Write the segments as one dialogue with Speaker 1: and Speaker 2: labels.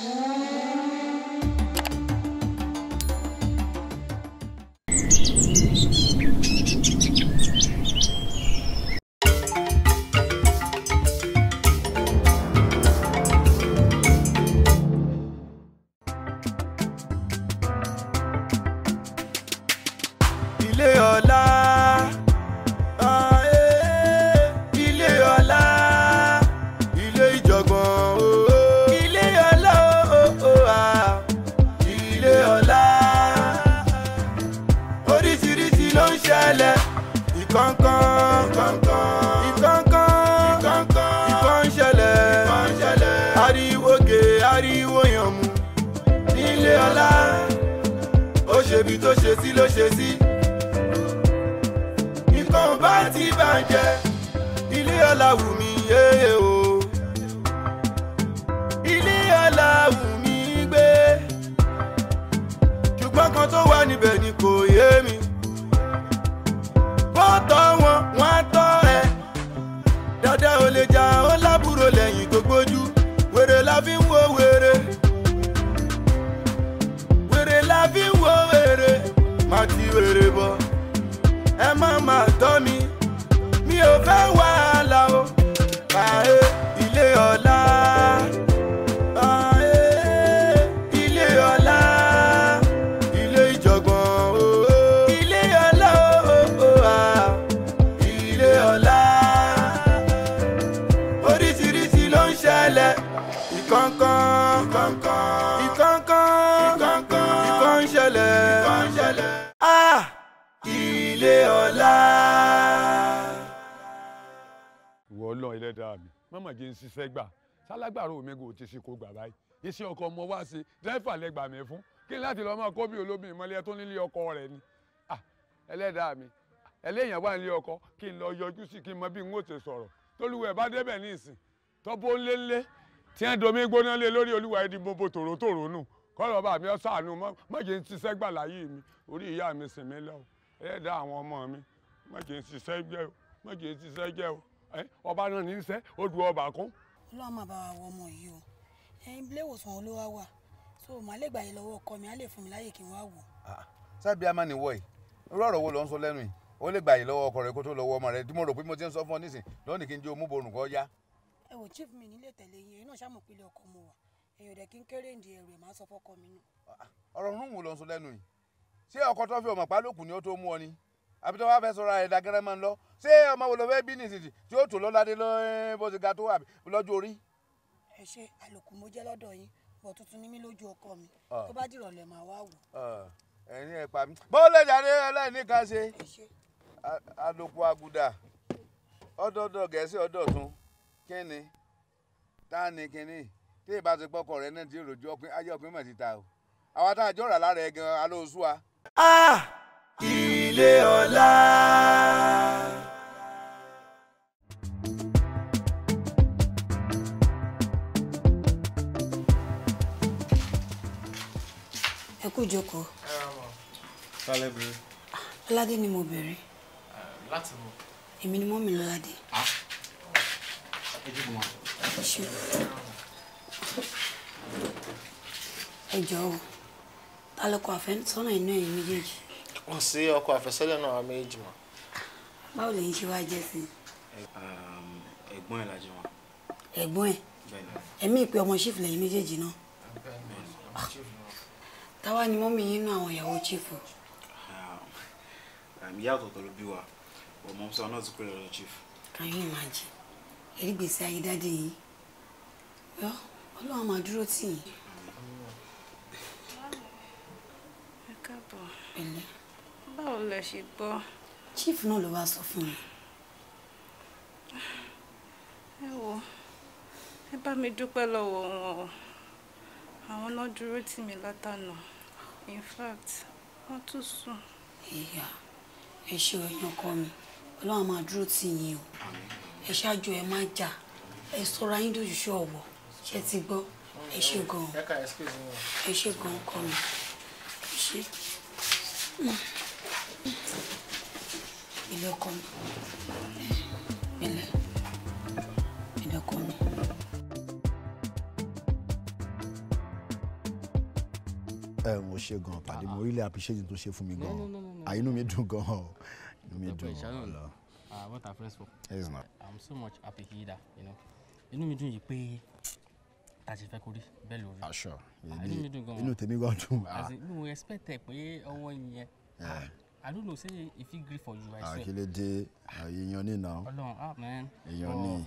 Speaker 1: Thank you. ṣebi tó ṣe sí ló ṣe sí. nǹkan bá ti bàjẹ́ ilé ọlá wù mí yéé o. ilé ọlá wù mí gbé. ṣùgbọ́n kan tó wà níbẹ̀ ni kò yé mi. bọ́tọ̀ wọn wọ́n á tọ́ ẹ dáadáa ò lè máa tọ́ mi mi ò fẹ́ wàhálà o pààyè ilé ọ̀la.
Speaker 2: mọ̀mọ̀jẹ́ ń ṣiṣẹ́ gbà sálágbàrò òmẹ́gò ti ṣe kó gbà báyìí iṣẹ́ ọkọ̀ ọmọ wá sí dírẹ́fà lẹ́gbàá mi fún kí n láti lọ́ọ́ máa kó bí olóbìn ìmọ̀lẹ́ tó nílé ọkọ rẹ̀ ni ẹlẹ́dàá mi ẹlẹ́yìn wà nílé ọkọ kí n lọ yọjú sí kí n mọ bí n ó ti sọ̀rọ̀ tólúwẹ̀ bá débẹ̀ ní ìsìn tọ́bọ̀ ńlẹ́lẹ́ tí ẹ̀ domi gbóná lé lórí olúwa ẹni gbogbo tòrótòró nù kọ́lọ̀ bá mi ọ̀sánù mọ̀jẹ̀ ń ṣiṣẹ́ gbà láyé mi orí ìyá mi sìn mí lọ́wọ́ ẹlẹ́dàá àwọn ọmọ mi mọ̀jẹ̀ ń ṣiṣẹ́ jẹ́ o mọ̀jẹ̀ ń ṣiṣẹ́ jẹ́ o ọba náà ní í sẹ́ ó du ọba kún.
Speaker 3: ọlọ́run máa bá wa wọ ọmọ yìí o ẹyin ilé ìwòsàn olówó wa so màá lè gbà yín lọ́wọ́ ọkọ mi á lè fún mi láyè kí n wá wò.
Speaker 2: sábì ah, ah. a máa ní wọ
Speaker 4: yìí irú ọ̀rọ̀ wo ló ń sọ lẹ́nu yìí ó lè gbà yín lọ́wọ́ ọkọ rẹ kó tó lọ́wọ́ ọmọ rẹ tí mo rò pé mo ti ń sọ fún ọ nísìn lónìí kí n jẹ́ omúborùn kọ́ yá.
Speaker 3: ẹ wò chief mi nílé tẹ̀lé yín ẹ̀yin náà ṣàmùpilẹ̀ ọkọ mo wà èèyàn dẹ̀ kí n kéré ìdí ẹ̀rù ẹ̀ máa sọ fọ́kọ mi nù. Ah,
Speaker 4: ọ̀rọ̀ rúùn wo ló ń sọ lẹ́nu yìí ṣé ọkọ tó fi ọmọ pálókù ni ó tó mú ọ ni àbí tí wọ́n fẹ́ sọ̀rọ̀ àyẹ̀dá gẹ́rẹ́ máa ń lọ ṣé ọmọ wo ló fẹ́ bí nìsísì tí ó tò lọ́ládé eh, bó ti ga tó àbí lọ́jọ́ orí.
Speaker 3: ẹ ṣe àlòkù mo jẹ́ lọ́dọ̀ yín bọ̀ tuntun ní mí lójú ọkọ mi ah. tó bá dìrọ̀lẹ́ máa wá wò.
Speaker 4: Ah, ẹ̀yin ẹ̀ pa mí bó lè jáde ẹlẹ́ni kan ṣe àlòkù àgùdà ọ̀dọ̀ọ̀dọ̀ gẹ̀ẹ́sì ọ̀dọ̀tún kíni táàní kíni tí ìbá ti pọ́kọ rẹ̀ náà ti ròjú ọpin ayé ọpin mọ̀ síta o àwa tá a jọ̀rọ̀ lára ẹ̀ gan-an alóòsù
Speaker 1: ah! ilé ọlá.
Speaker 3: ẹ kú jókòó. ẹ
Speaker 1: rà mọ sálẹ bèrè.
Speaker 3: ọládé ni mo bèrè. láti mọ. èmi ni mọ́mí lọ́ládé. Ah. ẹ jókòó mọ́. ṣé ẹ jọ̀ọ́ ta ló kọ àfẹ́sọ́nà inú ẹ̀yin méjèèjì wọ́n
Speaker 5: sí ọkọ àfẹ́sọ́lẹ̀ náà wà méjì mọ́.
Speaker 3: báwo lè ń ṣe wáá jẹ́ sí.
Speaker 5: ẹ̀gbọ́n ẹ̀ lajọ wọn.
Speaker 3: ẹ̀gbọ́n ẹ̀ ẹ̀mí ìpè ọmọ ṣífù lẹ́yìn méjèèjì náà. táwa ni mọ́mì yín nú àwọn ìyàwó ṣífù.
Speaker 4: ìyá ọ̀tọ̀ọ̀tọ̀ ló biwa. wa ọmọ sọ náà ti kúrò lọ́dọ̀ ṣífù.
Speaker 3: Can you imagine ẹ̀rí gbèsè ayé dáadé yìí ọlọ́run máa dúró tì yín. pẹ̀lẹ́ báwo lẹ ṣe gbọ́. chief náà ló wá sọ fún mi. ẹ wo ẹ bá mi dúpẹ́ lọ́wọ́ wọn o àwọn náà dúró tì mí látànà in fact wọ́n tún sùn. ìyá ẹ ṣe ẹyin ọkọ mi ọlọ́run máa dúró tì yín o ẹ ṣáájú ẹ má jà ẹ sọra yín dójúṣe ọ̀wọ̀ ṣe ti gbọ́ ẹ ṣe gan
Speaker 5: ẹ
Speaker 3: ṣe gan-an mi ẹ ṣe. Mm ilé mi ilé ilé mi.
Speaker 5: ẹ mo ṣe gan pàdé mo really appreciate tó ṣe fún mi gan àyínú ah, mi dùn gan inú mi dùn lọ. Ah, what are friends for. yes i'm so much happy here you know inú mi dùn yìí pé ta ṣe fẹ́ kó rí bẹ́ẹ̀ lórí. aṣọ ah, inú mi dùn gan. inú tèmi gan dùn. as in mo expect ẹ pé ọwọ́ yẹn. I don't know say if he gree for you I ah, swear. Akile de ah, èèyàn ni now. Ọlọ́run ah man. Èèyàn ni.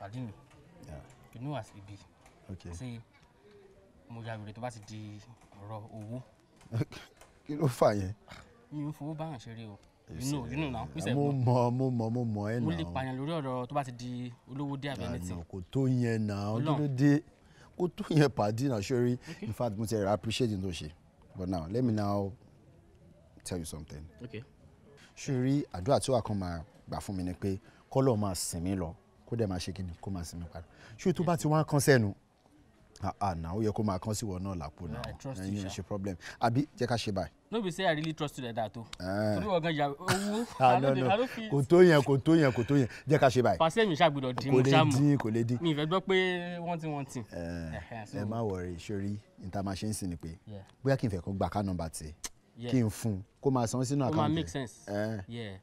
Speaker 5: Pàdé mi. You know as e be. Okay. Say mo ya wèrè tó bá ti di ọ̀rọ̀ owó.
Speaker 4: Kí ló fà yẹn?
Speaker 5: Mi ò fowó báyàn ṣeré o. You know you know now. Eh, mo mọ mo mọ mo mọ ẹ náà. Mo lè pààyàn lórí ọ̀rọ̀ tó bá ti di olówó dé abẹ́ létí. Ah, kò tó yẹn náà kí ló dé kó tó yẹn pàdé náà ṣe rí in fact mo ti appreciate it tó ṣe but now let me now tell you something. okay. ṣùrí àdúrà tí wàá kan máa gbà fún mi ni pé kọ́lọ̀ máa sìn mí lọ kó dẹ̀ máa ṣe kíni kó máa sìn mí padà ṣé tó bá ti wá kán sẹ́nu àná ó yẹ kó máa kán sí wọn náà làpò náà ẹyin ò ṣe problem àbí jẹ́ ká ṣe báyìí. no be say i really trust you like that o. Eh. torí ọ̀gán ìyá owó àlọ́ fi. kò tó yẹn kò tó yẹn kò tó yẹn jẹ́ ká ṣe báyìí. pàṣẹ mi ṣàgbọdọ̀ dín mo ṣá mọ̀ kò lè dín kò lè dín. mi ìfẹ́ gbọ́ pé wọ́n ti wọ́n ti. Eh, ẹ má wọrí sórí kí n fún un kó máa san sínú àkáǹtì. ó máa make sense.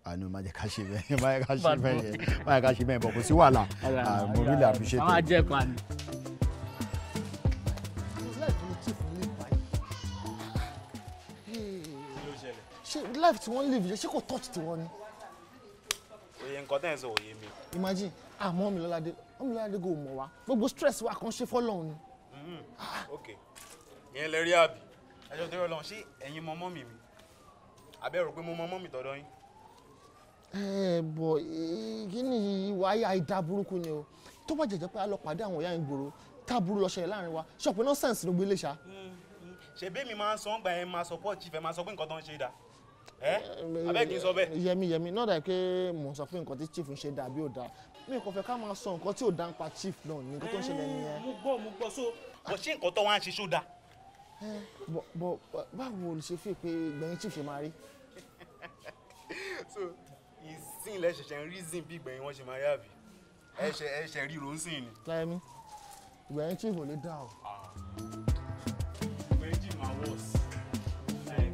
Speaker 5: àánú máa jẹ ká ṣe bẹ́ẹ̀ máa jẹ ká ṣe bẹ́ẹ̀ yẹn máa jẹ ká ṣe bẹ́ẹ̀ bọ̀ kò sí wàhálà ah, mo really appreciate it. àwọn ajẹ́ kan ni. ṣe life tí wọ́n live yẹn ṣé kò touch tiwọn ni.
Speaker 4: òye nǹkan tẹ́ ẹ̀ sọ òye mi.
Speaker 5: imagine àmọ́ ah, mi lọ́ládé wọ́n mi lọ́ládé kò mọ̀ wá gbogbo stress wa kan ṣe fọ́lọ́run ni.
Speaker 4: Mm-hmm. ok yẹn lè rí àbí ẹjọ́ tó yọ lọ ṣé ẹ̀yin mọ mọ́mì mi àbẹ́ rò pé
Speaker 6: mo mọ mọ́mì tọ́dọ̀ yín.
Speaker 5: ẹ bọ kí ni ìwà ayé àìdá burúkú ni o tó bá jẹjẹ pé a lọ pàdé àwọn ìyá ìgboro táàbùrú lọ ṣẹlẹ̀ láàrin wa ṣọpẹ náà sẹǹsì ló gbé lè ṣá.
Speaker 4: ṣèbí mi máa ń sọ ń gbà ẹ máa support chief ẹ máa sọ pé nǹkan tó ń ṣe dáa
Speaker 5: abẹ́ kì í sọ bẹ́ẹ̀. yẹmi yẹmi náà dà pé mò sọ fún nǹkan tí chief ń ṣe dà bí ò dà mi kò fẹ́ ká máa sọ nǹkan tí ò dá ń pa chief náà ní nǹkan tó ń ṣẹlẹ̀ nìyẹn.
Speaker 4: mo gbọ́ mo gbọ́ so bọ̀ ṣé nǹkan tó wá ń ṣe ṣó
Speaker 5: dáa bọ báwo ló ṣe fi pé gbẹ̀yìn chief ṣe máa rí.
Speaker 4: so ìsìn ilẹ̀ ṣẹ̀ṣẹ̀ ń reason bí gbẹ̀yìn wọn ṣe máa rí àbí ẹ̀ṣẹ̀ ẹ̀ṣẹ̀ ríro ń sìn ni.
Speaker 5: láyẹ̀mí gbẹ̀yìn chief ò lè dá o.
Speaker 4: gbẹ̀yìn ah, chief máa wọ̀ sí ẹ̀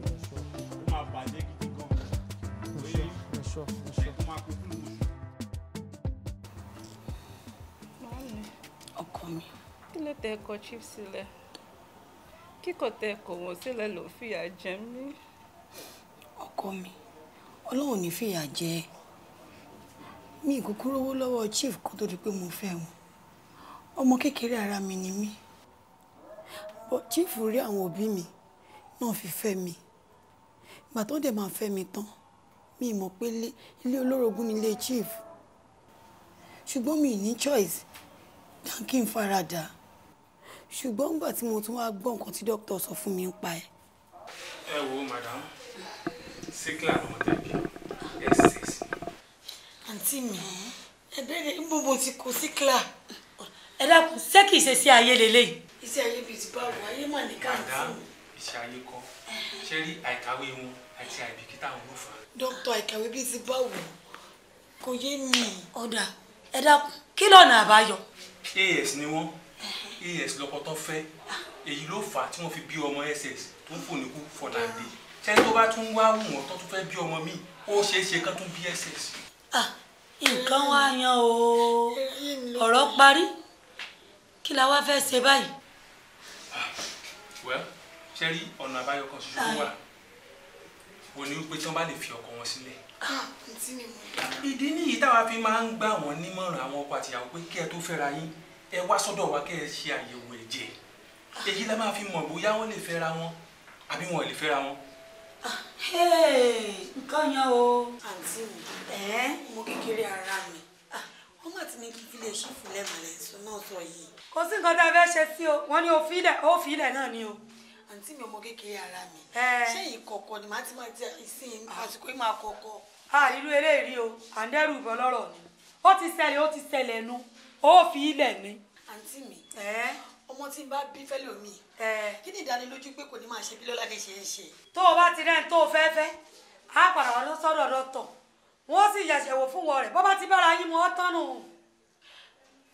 Speaker 4: ó máa bàjẹ́ gidi gan-an.
Speaker 5: ẹ̀ṣọ́ ẹ̀ṣọ́ ẹ̀ṣọ́. ẹ̀kú máa kó kúlù oṣù.
Speaker 3: ọkọ mi. kí ló tẹ ẹkọ chief sílẹ̀ kíkọ̀ tẹ kò wọ́n sílẹ̀ ló fìyà jẹ mí. ọkọ mi ọlọ́run ní fìyà jẹ ẹ́ mi ìkúkú rówó lọ́wọ́ chief kó tó di pé mo fẹ́ wọn ọmọ kékeré ara mi ni mí bọ́ chief rí àwọn òbí mi náà fi fẹ́ mi ìgbà tó dẹ̀ máa fẹ́ mi tán mi mọ̀ pé ilé olórogún ni ilé chief ṣùgbọ́n mi ní choice kí n fara dà ṣùgbọ́n nígbà tí mo tún wá gbọ́ nǹkan tí dókítà sọ fún mi ń pa ẹ̀.
Speaker 6: ẹ wo madam síkìlà ọmọdébí ẹ ṣe sí. àǹtí mi ẹ bẹ̀rẹ̀ gbogbo
Speaker 3: ti kó síkìlà ẹ dákun ṣé kìí ṣe sí ayé lélẹ́yìí. iṣẹ́ ayé bíi ti báwo ayé mà ní káàntì. madam
Speaker 5: iṣẹ́ ayé kọ́ ṣé rí àìkàwé wọn àti àìbìkítà wọn ló fà
Speaker 3: á. dókítà àìkàwé bíi ti báwo kò yé mi. ọ̀dà ẹ dákun kí lọ́nà àbáyọ.
Speaker 5: as ni wọ́n as lọ́kọ tó fẹ́ èyí ló fà á tí wọ́n fi bí ọmọ ss tó ń fòníkù fọ̀nàdé sẹ́ni tó bá tún wá wù wọ́n tó tún fẹ́ bí ọmọ mi ó ṣeé ṣe kán tún bí ss.
Speaker 3: Ah, nǹkan wá yan o ọ̀rọ̀ parí kí la wá fẹ́ ṣe báyìí.
Speaker 5: Ah, well ṣe rí ọ̀nà àbáyọ kan ṣoṣo wà wò ah. ni wípé tí wọ́n bá lè fi ọkọ wọn sílẹ̀ ìdí nìyí táwa fi máa ń gbà wọ́n nímọ̀ràn àwọn ọkọ àtìyàwó pé kí ẹ tó fẹ́ra yín ẹ wá sọ́dọ̀ wa kẹ́ ẹ ṣe àyẹ̀wò ẹ̀jẹ̀ èyí la máa fi mọ̀ bóyá wọ́n lè fẹ́ra wọn àbí wọn ò lè fẹ́ra wọn.
Speaker 3: Ah, nǹkan yan o àǹtí mi mo kékeré ara mi ah, wọ́n má ti ní kí fílẹ̀ ṣì fúnlẹ̀ màlẹ̀ sọ náà sọ yìí. kò sí nǹkan tá a fẹ́ ṣe sí o wọ́n ní ó fi ilẹ̀ náà ni o àǹtí mi ọmọ kékeré ara mi ṣé ìkọ̀kọ̀ ni màá ti máa jẹ ìsìn àsìkò yìí máa kọ̀kọ̀. a ah, nílò eléyìí rí o à ń dẹ́rù ìbọn lọ́rọ̀ ni ó ti ṣẹlẹ̀ ó ti ṣẹlẹ̀ nu ó fi ilẹ̀ ni. àǹtí mi ọmọ tí n bá bí fẹ́lẹ̀ omi kí ni ìdánilójú pé kò ní máa ṣe bí lọ́la ní ṣe é ṣe. tó o bá ti rẹ́ni tó o fẹ́ fẹ́ á padà wá lọ sọ́dọ̀ dọ́tọ̀ wọ́n sì yàṣẹ̀wò fún wọn rẹ̀ bọ́ bá ti bára yín mọ́ tán nù.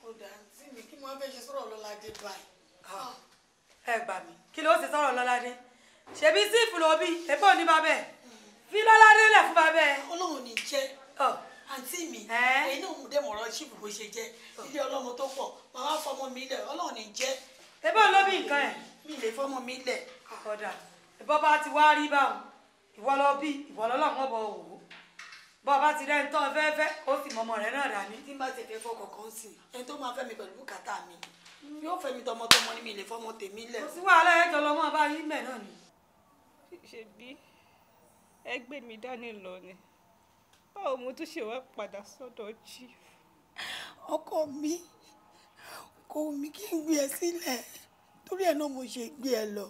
Speaker 3: ó dà àǹtí mi kí wọ́n fẹ́ ṣe sọ̀rọ̀ lọ́la dé báyìí. Ah, ẹ gbà mí kí ló ṣe sọ̀rọ̀ lọ́la dé ṣèbí sífù lóbi èbó ní bàbẹ́ mm. fi lọ́la dé lẹ̀ fún bàbẹ́. olóhùn ní jẹ́ ọ̀rọ̀ ṣíìpù bó ṣe jẹ́ ilé ọlọ́mọ tó pọ̀ màmá fọmọ mi lẹ̀ ọlọ́run ní jẹ́. ẹ bá olómi nǹkan ẹ. mi lè fọmọ mi lẹ̀. ọ̀dà ìbọn bá ti wá rí báwọn ìwọ lọ bí ìwọ lọ́lọ́mọ bọ̀ wò ó bọ́ bá ti rẹ́ ń tán fẹ́fẹ́ ó sì mọmọ rẹ̀ náà dání. tí n bá ti fẹ́ fọkàn kan sí i ẹni tó máa fẹ́ mi pẹ̀lú bùkátà mi yóò fẹ́ mi tọmọtọmọ ni mi lè fọmọ tèmi lẹ̀. kò sí wàhálà ẹjọ lọmọ bá yí mẹ náà ni. ṣebí ẹ gbé mi dání lọ ni báwo mo tún ṣe wá padà sọ́dọ̀ chief ọkọ mi kò mi kí n gbé ẹ sílẹ̀ torí ẹ̀ náà mo ṣe gbé ẹ lọ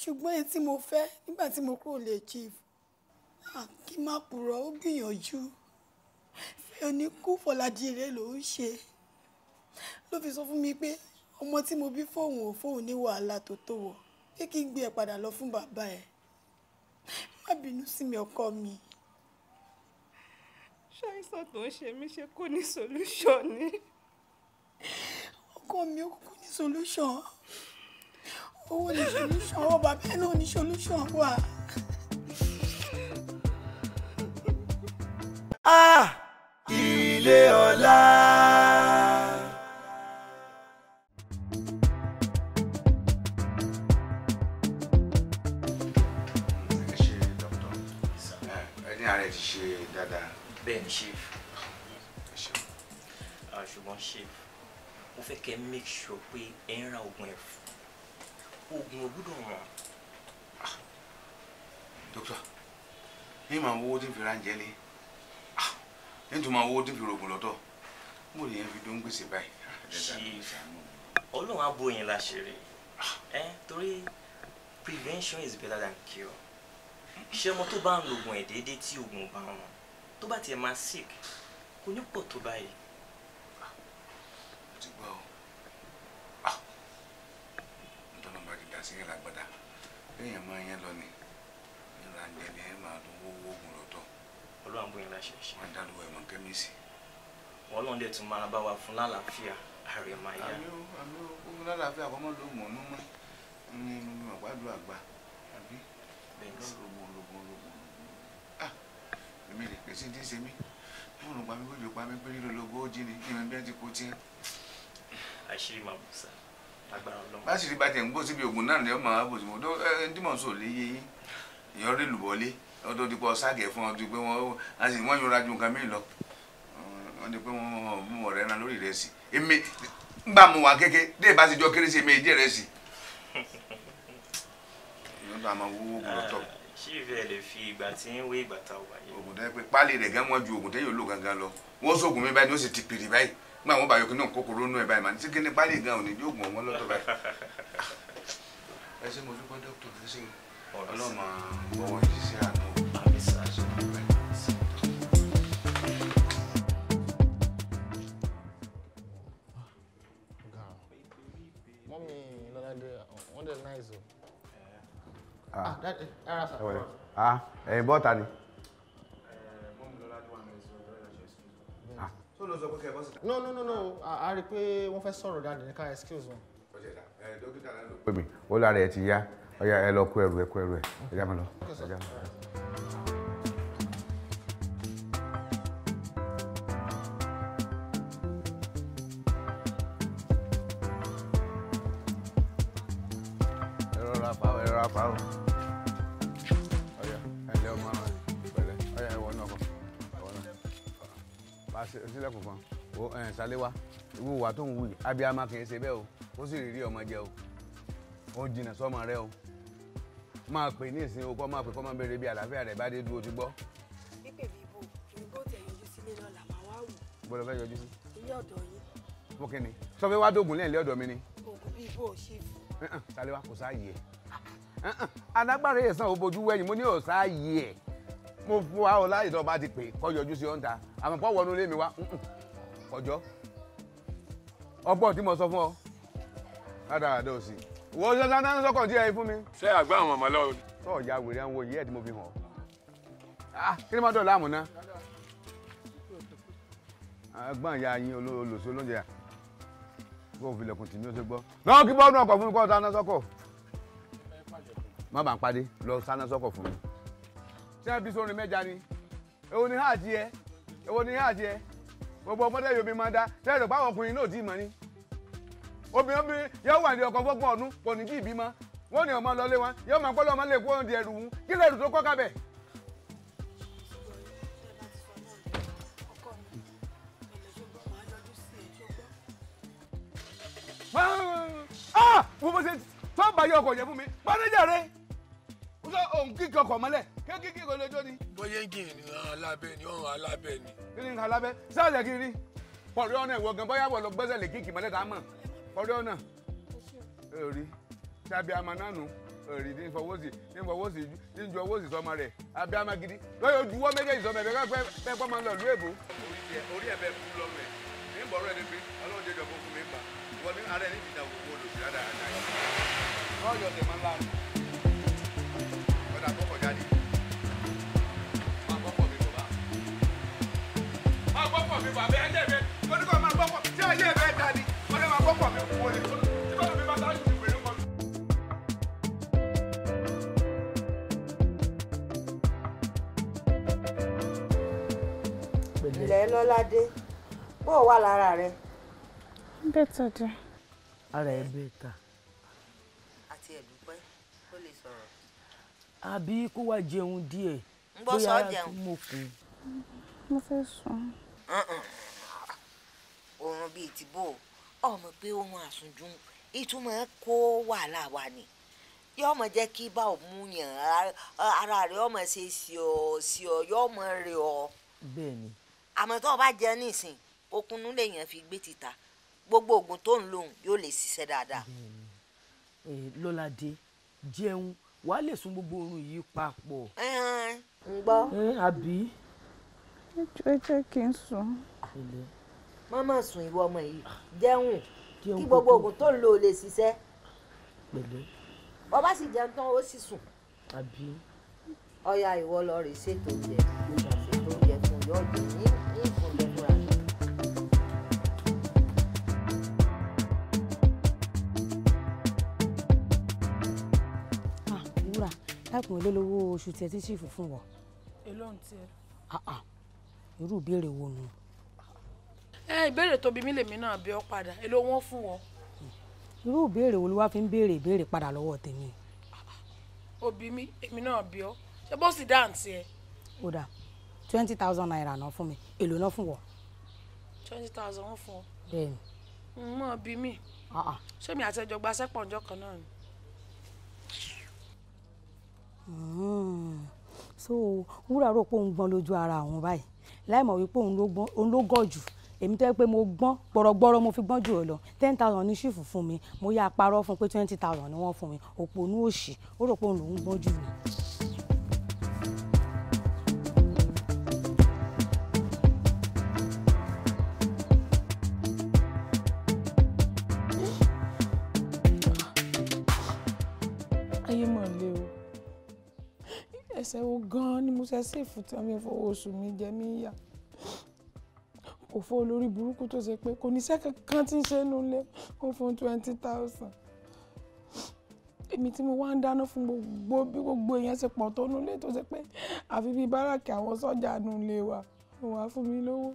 Speaker 3: ṣùgbọ́n èyí tí mo fẹ́ nígbà tí mo kúrò lè chief kí má purọ́ ó gbìyànjú fẹ́ oníkú fọ̀làdìrẹ ló ń ṣe ló fi sọ fún mi pé ọmọ tí mo bí fóun ò fóun ní wàhálà tó tó wọ̀ pé kí n gbé ẹ padà lọ fún bàbá ẹ má bínú sí mi ọkọ mi
Speaker 6: ṣàìsàn tó ń ṣe mí ṣe kò ní solution ni.
Speaker 3: ọkọ mi ò kúkú ní solution owó ní solution ọwọ́ bàbá ẹ̀ náà ní solution wà.
Speaker 1: ah ilé ọlá.
Speaker 5: ṣùgbọ́n ṣèf mo fẹ́ kẹ́ make sure pé ẹ ń ra oògùn ẹ̀ fún
Speaker 1: oògùn ògbúdọ̀ wọn. Ah,
Speaker 4: dókítà ní màá wo owó tí ń fi ránjẹ lé ah, ní tó máa wo owó tí ń fi rògùn lọ́tọ̀
Speaker 5: mo lè yẹn fi dó ń gbèsè báyìí. Ah, ṣèf ọlọ́run á bo yẹn láṣẹ̀rẹ̀ prevention is better than cure ṣé ọmọ tó bá ń lo oògùn ẹ̀ déédéé tí oògùn ò bá wọn tó bá tiẹ̀ máa sick kò ní pọ̀ tó báyìí ti gbọ́ ọ ah
Speaker 4: nítorí bá ti dà sí ìlà gbọ́dá lẹ́yìn máa yẹn lọ ni ìlà ń dẹ̀lẹ́ ẹ̀ máa
Speaker 5: lọ wọ́wọ́ oògùn lọ́tọ̀. ọlọ́run bóyin láṣẹ ṣe. wọ́n dá lọ́wọ́ ẹ̀mọ́ kẹ́míìsì. wọ́n lọ́n dẹ̀ tún máa bá wa fún lálàáfíà ààrẹ máa yá. àmì
Speaker 4: ó àmì ó kó fún lálàáfíà kọ́ mọ́ ló mọ̀ ọ́nú mọ́ ní inú àgbàdo àgbà àbí lọ́lọ́gbọ̀n lọ́gbọ̀n lọ́gbọ̀n ah èmi lè pèsè díẹ̀ sẹ́mi mọ̀ọ́nù pa mi kó jù pa mi pé lílo lógo ó jí ni ìmọ̀ bí wọ́n ti kó tiẹ̀
Speaker 5: àṣírí máa bù sá agbára Ọlọ́run. bá ṣìrí bá
Speaker 4: tẹ̀ ń gbó síbi ògùn náà lè máa bò sí mo tó ẹ ń dìmọ̀ sóò léyé yín èèyàn rí lùbọ́lé wọ́n tó di pé ọ̀ságẹ̀ fún ọ di pé wọ́n á sì wọ́n yọra ju nǹkan mí lọ wọ́n di pé wọ́n mú ọ̀rẹ́ náà lórí rẹ̀ sí èmi ń bá mu wà kéke dé ìbá ti jọ kérésì èmi èjì rẹ̀ sí. èèyàn bá máa wúwo gbọ́dọ̀ tọ̀. ṣé ìfẹ́ ẹ lè fi ìgbà tí ń wé ìgbà ta wà yìí. ògùn tẹ́ pé páálí rẹ̀ gán wọ́n ju ògùn tẹ́ yóò lò gángan lọ wọ́n sóògùn mi báyìí ó sì ti pìrì báyìí nígbà wọn bá yọkùn náà kókòrò nú ẹ báyìí màá ní síkí ní pálí gan òní yóò gbọ̀n wọn lọ́tọ̀ báyìí. ẹ ṣe mo dúpẹ́ dókítà ẹ ṣe ọlọ́mọ ọwọ́ yìí sí àná. Ah. Ah, eh, wọ́n ah ẹ̀yin bọ́ta ni. ló sọ pé kẹ́ bọ́ síta. no
Speaker 5: no no no a rí i pé wọ́n fẹ́ sọ̀rọ̀ dáadé ní ká excuse wọn. ó ṣe ta
Speaker 4: ẹ dókítà náà ló pè mí ó lára ẹ ti yá ọyà ẹ lọ kó ẹrù ẹ kó ẹrù ẹ ẹ já mi lọ ẹ já mi lọ. pa o, ẹ̀rọ pa o. Ọ̀yà, ọmọ rẹ̀. sílẹ̀kùn kan ó ṣàléwá ìwú wa tó ń wuyì abiyamọ kì í ṣe bẹ́ẹ̀ o ó sì rírí ọmọ jẹ o ó jìnnà sọ́mọ rẹ o máa pè ní ìsìn o kọ́ máa pè kọ́ máa béèrè bí àlàáfíà rẹ̀ bá dé dúró ti gbọ́.
Speaker 3: pípè mi bò èmi kò tẹ̀ yọjú sílé lọ́la màá wá wò.
Speaker 4: gbọ́dọ̀ fẹ́ yọjú sí.
Speaker 3: ilé ọ̀dọ̀ yín.
Speaker 4: fún kí sọ fẹ́ wá dógùn lẹ́yìn ilé ọ̀dọ̀ mi ni.
Speaker 3: oògùn bíi bò ṣe fún.
Speaker 4: ṣàléwá kò sáàyè ẹ̀ adágbára yẹn sàn ó bojú wẹ̀yìn mo ní ò sáàyè ẹ̀ mo fún wa ọlá ìtọ́ bá ti pè kọ́ yọjú sí ọ̀ǹda àmọ́ pọ́ wọnú ilé mi wá ọjọ́ ọgbọ́n tí mo sọ fún ọ ládàradà òsì wo ṣẹṣẹ náà ń sọkàn tí ẹ fún mi.
Speaker 2: ṣé àgbà àwọn ọmọ lọ.
Speaker 4: sọ ọjà wèrè àwọn òye ẹ tí mo fi hàn ọ. ah kí ni má dọ̀ láàmú ná. àgbọn ìyá yín olóṣù olóúnjẹ yà kó o filẹ̀kùn tì mí ó ṣe gbọ́. lọ́wọ́ kí bọ́ọ̀nù ọkọ̀ fún mi kọ́ ọ sáná sọ́kọ̀. má bàa ń padé lọ sáná sọ́kọ̀ fún mi. ṣé ẹ bí sórin mẹ́ja ni ha ji e ẹ èwo ni hajj e gbogbo ọmọdé yomi máa dá ṣé báwọn ọkùnrin náà dì í ni obìnrin obìnrin yóò wà ní ọkọ̀ fọ́gbọ̀n ọdún kò ní ọmọ lọlé wọn yóò máa ọmọ lè kó ẹrù wù kí tó
Speaker 1: ah!
Speaker 4: yẹ fún mi òun kíkan kọ̀ mọ́lẹ̀ kí kíkí kò lójó
Speaker 2: ni. bóyá kí ni alábẹ́ ni ọ̀run alábẹ́ ni. kí ni
Speaker 4: alábẹ́ sáàsẹ̀ kiri pọ̀rí ọ̀nà ìwọ gan bóyá wọ̀ gbẹ́sẹ̀ lè kíkì mọ́lẹ̀ tá a mọ̀ pọ̀rí ọ̀nà. èrí tí abiyamọ náà nù èrí ní fọwọ́sì ní fọwọ́sì ní ju ọwọ́sì sọmọ rẹ̀ abiyamọ gidi lọ́yọ̀ ojú wọ́ méjèèjì sọmọ ẹ̀fẹ̀ fẹ́ pọ́ máa lọ lú èbó.
Speaker 2: orí ẹ̀ bẹ́ẹ̀ kú lọ́mọ ẹ̀
Speaker 4: ní bọ̀rọ̀ ẹni
Speaker 3: ilẹ̀ lọ́ládé bó wà
Speaker 6: lára rẹ. bẹ́tà dé.
Speaker 5: ara ẹ bẹ́tà. àti ẹ̀dúpẹ́ kó lè sọ̀rọ̀. àbí kó wá jẹun díẹ̀
Speaker 3: bóyá
Speaker 4: mo
Speaker 5: kù. mo fẹ́ sùn.
Speaker 3: oorun bíi ti bò ó ọmọ pé ohun àsùnjùn ìtumọ̀ kó wàhálà wa ni yóò mọ jẹ́ kí bá òun yàn ara rẹ̀ ọmọ ṣe sí ọ sí ọ yóò mọ rẹ̀ ọ. bẹ́ẹ̀ni. àmọ́ tó o bá jẹ nísìn okùnú lèèyàn fi gbé títa gbogbo oògùn tó ń lòun yóò lè ṣiṣẹ́ dáadáa.
Speaker 5: lọ́ládé jẹun wà á lè sun gbogbo oorun yìí papọ̀.
Speaker 3: ń gbọ́. àbí. ẹ jẹ́ kí n sùn mọ́mọ́ sùn ìwọ ọmọ yìí jẹun kí gbogbo oògùn tó ń lò lè ṣiṣẹ́ bọ́bá sì jẹun tán ó sì sùn ọ̀ya ìwọ lọ rè ṣètò jẹ ṣètò jẹ fún yọ̀ọ́ jẹ ní ìkùnlẹ̀ fúnra. láìpẹ́ ah, wọn lólówó oṣù tiẹ̀ tí ṣìfù fún wọn. èló ń tiẹ̀. Ah, ah. irú ìbéèrè wo nù
Speaker 6: ẹ ìbéèrè tó bí mi lèmi náà bí ọ padà èló wọn fún wọn.
Speaker 3: irú ìbéèrè wo ló wá fi ń béèrè ìbéèrè padà lọ́wọ́ tèmi.
Speaker 6: òbí mi èmi náà bí ọ ṣé bó sì dáǹtì ẹ.
Speaker 3: ó dà twenty thousand naira náà fún mi èló náà fún wọn.
Speaker 6: twenty thousand wọn fún ọ. bẹ́ẹ̀ni. mo bí mi ṣé mi àti ẹjọ gba sẹ́pọ̀ ọjọ́ kan náà ni.
Speaker 3: Hmm. so wúrà rò pé òun gbọ́n lójú ara àwọn báyìí láì mọ̀ wípé òun ló gọ̀ jù èmi tẹ́ pé mo gbọ́n gbọ́rọ̀gbọ́rọ̀ mo fi gbọ́n jù ọ lọ ten thousand ní ṣìfù fún mi mo yá parọ́ fún pé twenty thousand ni wọ́n fún mi òpònú òṣì ó rò pé òun lòún gbọ́n jù mí.
Speaker 6: ayé mà le o ẹsẹ̀ wo gan-an ni mo ṣe ṣèfù tí wọ́n fi fowó oṣù mi jẹ mí yà òfò olórí burúkú tó ṣe pé kò níṣẹ́ kankan tí ń ṣe nínú ilé ó fún twenty thousand èmi tí mo wá ń dáná fún gbogbo bí gbogbo èèyàn ṣe pọ̀ tó nulẹ̀ tó ṣe pé àfi bíi báràkì àwọn sọ́jà nulẹ̀ wa wà fún mi lówó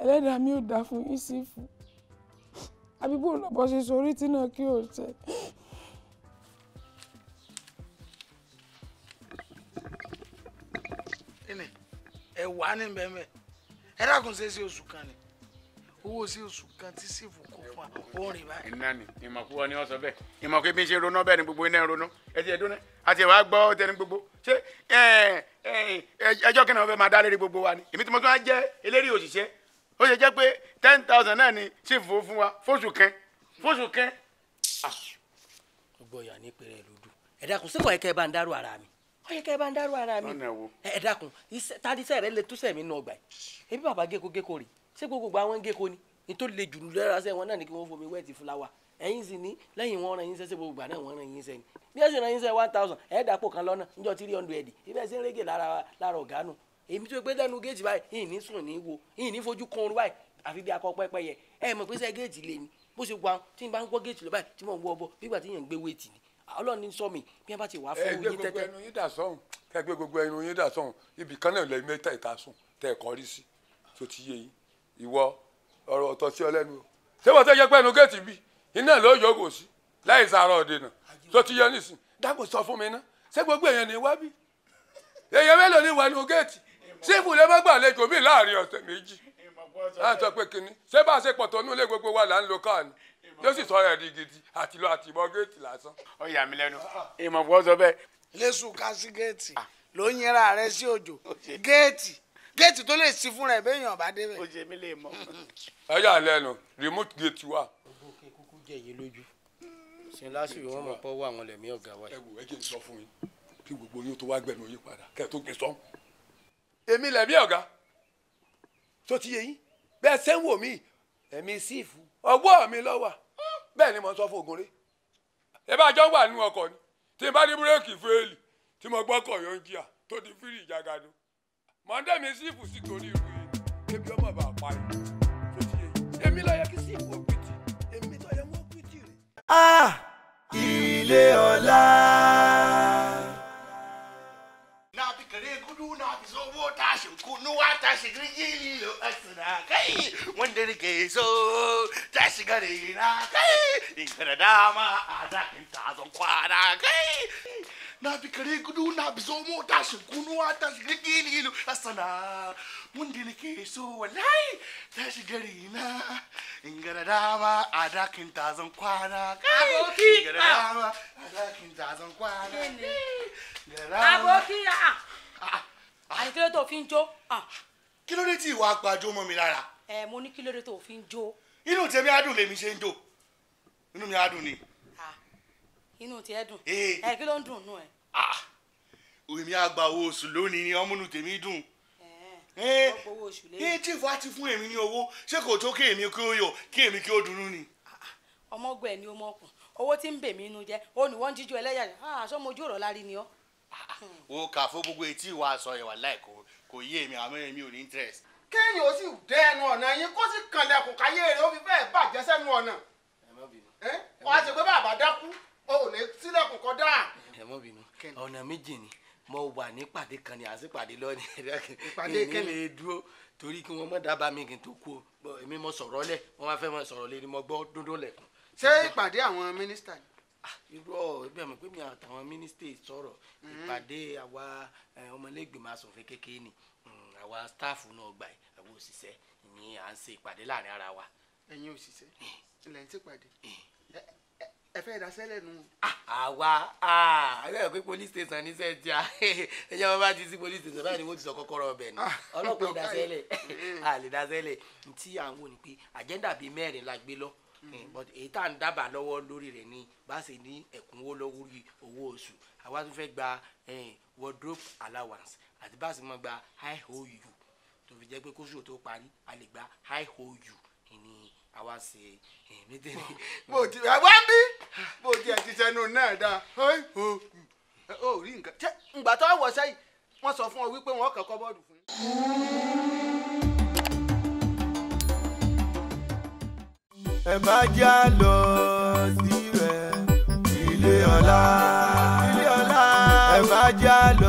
Speaker 6: ẹlẹ́dàá mi ò dá fún Yúsífù àbí bó lọ́bọ̀ ṣe sorí tí náà kí o ṣe.
Speaker 5: ẹwà ni bẹ́ẹ̀ bẹ́ẹ̀ ẹ dákun ṣe é sí oṣù kan ni owó sí oṣù kan tí sífù kò
Speaker 4: fún ọ rìn báyìí. iná ni ìmọ̀kú wa ni wọ́n sọ bẹ́ẹ̀ ìmọ̀kú ibi ń ṣe ronú bẹ́ẹ̀ ni gbogbo iná ń ronú ẹ ti ẹ̀dúnná àti ẹ̀wà gbọ́ tẹni gbogbo ṣé ẹjọ́ kí ni wọ́n fẹ́ máa dá lérí gbogbo wa ni èmi tí mo tún á jẹ́ eléré òṣìṣẹ́ ó ṣe jẹ́ pé
Speaker 5: ten thousand náà ni sífù fún wa fóṣù kan fóṣù kan. Ah. gbogbo ìyá ní pẹ̀rẹ̀ lódù ẹ̀dá kò sípò ó yẹ kẹ́ ẹ bá ń dárò ara mi ẹ dákun tadisẹ rẹ lè túṣẹ mi nù ọgbà yìí ebi bàbá géko géko rè ṣé gbogbo gba wọn géko ni nítorí lè jùlù lẹ́ra sẹ́ wọn náà ni kí wọ́n fomi wẹ́ẹ̀tì fúláwà ẹ̀yin sì ní lẹ́yìn wọn ràn yín sẹ́ ṣé gbogbo gbà wọn ràn yín sẹ́ ni bí ẹ sì ràn yín sẹ́ one thousand ẹ̀ dàpọ̀ kan lọ́nà níjọ́ three hundred ibẹ̀ sí ń rége lára lára ọ̀gá nù èmi tó gbé lẹ́nu géètì báyìí ìyìn ní sùn ní wo ìyìn ní fojú kan orú báyìí àfi bí akọ pẹ́pẹ́ yẹ ẹ mọ̀ pé sẹ́ géètì lè ní bó ṣe gbọ́n tí n bá ń gbọ́ géètì lọ báyìí tí mò ń wọ́ ọ bí ìgbà tí yẹn ń gbé
Speaker 2: wéètì ni ọlọ́run ní sọ mi bí wọ́n bá ti wà fún yín tẹ́tẹ́. ẹgbẹ́ gbogbo ẹnu yín dà sọ́hùn ẹgbẹ́ gbogbo ẹnu yín dà sọ́hùn ibì kan náà lẹ́yìn mẹ́ta ìta sùn tẹ́ ẹ̀kọ́ rí sí tó ti yé yín ìwọ ọ̀rọ̀ ọ̀tọ̀ sí ọ o ṣé wọ́n tẹ́ yẹ pẹ́ẹ́nu géètì bí iná ló yọ ògò sí láì sàárọ̀ ọ̀dẹ̀nà tó ti yẹ nísìn dákò sọ fún mi ná ṣé gbogbo èèyàn ní wá bí èèyàn mélòó ní wà nù géètì sífù lè má gbàlejò mí láàrin ọ̀sẹ̀ méjì à ń sọ pé kínní ṣé bá a ṣe pọ̀ tó nílé gbogbo wa là ń lo káà ni yóò sì sọ ẹ̀ di gidi àti lọ àti ìbọn géètì lásán. ó yà mí lẹ́nu
Speaker 5: ìmọ̀ fọ́ sọ bẹ́ẹ̀. lẹ́sùn ká sí géètì ah. ló ń yẹra rẹ sí òjò géètì géètì tó lè sí fúnra ẹ̀ béèyàn bá débẹ̀. ó jẹ mí lè mọ.
Speaker 2: ẹ yà lẹ́nu remote gate wà. gbogbo kí kúkú jẹ yìí lójú ṣe lásìkò wọn mọ̀ pọ̀ wà wọn lẹ̀mí ọ̀gá wa. ẹ wò ẹ jẹ́ sọ fún yín kí gbogbo yín tó wá gbẹ̀mí oyin padà kẹ́ ẹ bẹ́ẹ̀ ṣe ń wò mí ẹ̀mí ọwọ́ mi lọ́wọ́ bẹ́ẹ̀ ni mo sọ fún Ògúnrẹ́ ẹ bá jọ wà nínú ọkọ̀ ni tí n bá ní búrẹ́kì fẹ́ẹ́lì tí mo gbọ́kọ̀ yọ ń jìyà tó di fírì ìjàgàdo mọ̀ ń dẹ́mi sífù sí torí ìlú yìí ebi ọmọ bá pa yìí tó ti yẹ èmi ló yẹ kí sífù ó pìtì èmi tó
Speaker 1: yẹ wọ́n pìtì rẹ̀. Ah! ilé ọlá.
Speaker 4: ka zobo tashin kunuwa ta a suna kai
Speaker 5: wanda nake so ta kai in dama a kwana kai na bi kare
Speaker 1: gudu na bi kunuwa ta
Speaker 5: so wallahi ta in dama a dakin ta kwana kai ah. dama a dakin ta kwana aboki ah. kí ló tó fi ń jó. Ah. kí tí ìwà àgbàjọ mọ́ mi lára.
Speaker 3: ẹ mo ní kí ló dé tó fi ń jó.
Speaker 5: inú tèmi adùn lèmi ṣe ń jó inú mi adùn ni.
Speaker 3: Ah. inú tiẹ̀ dùn ẹ kí ló ń dùn nù ẹ.
Speaker 5: Ah. èmi àgbà owó oṣù lónìí ni ọmúnú tèmi dùn
Speaker 3: ẹ tí
Speaker 5: ìfọ àti fún èmi ní owó ṣé kò tó kí èmi kí ó yọ kí èmi kí ó dùnnú ni.
Speaker 3: ọmọgbọ ẹ ni ó mọkùn owó tí ń inú jẹ ó ní wọn jíjó ẹlẹyà lárí ni
Speaker 5: o kà fún gbogbo etí wa sọ ìwà láì kò yé mi àmọ́ èmi ò ní interest. kéèyàn ó sì dẹ ẹnu ọ̀nà yín kó sì kànlẹ̀kùn káyé rẹ̀ ó fi bẹ́ẹ̀ bàjẹ́ sẹ́nu ọ̀nà. wọ́n á ti gbé bàbá dákú o ò ní
Speaker 1: sílẹ̀kùn kọ́ dáa.
Speaker 5: ẹ má bínú ọ̀nà méjì ni mo wà ní pàdé kan ní àsìpàdé lọ́ọ̀nì ìpàdé kẹ́lẹ́ dúró torí kí wọ́n mọ̀ dábàá mi kì í tó kú o èmi mo sọ̀rọ̀ lẹ̀ wọ́n máa fẹ́ mọ̀ sọ̀rọ̀ lé ní mo gbọ́ dúndún lẹ̀kùn. ṣé ìpàdé àwọn mínísítà ni irọ́ ẹbí àmọ́ pé mi àtàwọn mínísítà sọ̀rọ̀ mm. ìpàdé àwa ọmọlẹ́gbẹ̀mọ asòfin kékeré ni hmm, àwa sítáàfù náà gbà ẹ̀ àwa òṣìṣẹ́ ni à ń ṣe ìpàdé láàrin ara wa. ẹ̀yin òṣìṣẹ́ eh. ilẹ̀ ń ṣèpàdé eh. ẹ fẹ́ ìdásẹ́lẹ̀ nù. Ah, àwa ah, ẹgbẹ́ ìpín police station ní sẹ́ńtíà ẹ̀yẹ́ wọn bá ti sí police station báyìí ni wọ́n ti sọ kọ́kọ́rọ́ ọbẹ̀ ni ah, ọlọ́pàá ìdásẹ́lẹ̀ àlè ìdásẹ́lẹ̀ tí àwọn ò ní pé agenda bíi mẹ́rin la gbé lọ Mm. but èyí tá à ń dábàá lọ́wọ́ lórí rẹ̀ ni bá ṣe ní ẹ̀kúnwó lórí owó oṣù àwa tún fẹ́ gba wardrobe allowance àti bá ṣe máa gba IOU tó fi jẹ́ pé kóṣù tó parí a lè gba IOU ní àwa ṣe mídìrí. mo ti wá bí mo ti ẹ̀ ti sẹ́nu náà dá IOU ó rí nǹkan ṣé ìgbà tó wọ̀ sẹ́yìn wọ́n sọ fún ọ
Speaker 4: wípé
Speaker 1: wọ́n kàn bọ́ọ̀dù fún yín. ẹ má já lọ síbẹ̀ ilé ọlá ilé ọlá ẹ má já lọ.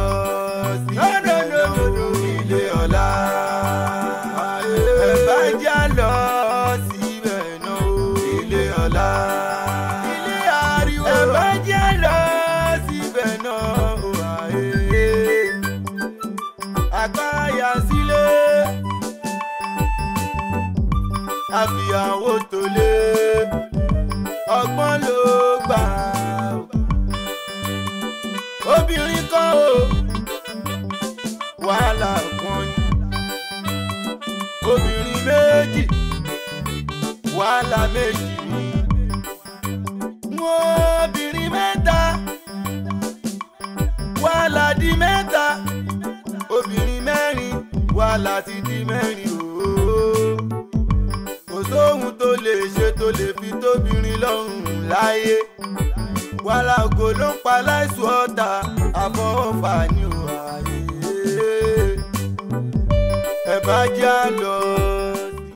Speaker 1: àfìyàwó tó lé ọgbọ́n ló gbà obìnrin kan o wàhálà kan ni obìnrin méjì wàhálà méjì ni wọ́n obìnrin mẹ́ta wàhálà di mẹ́ta obìnrin mẹ́rin wàhálà ti di mẹ́rin o. tóbìnrin lọ́rùn láyé wàhálà ògo ló ń pa láìsùn ọ̀tá àfọwọ́fà ni ò àyè ẹ bá já lọ.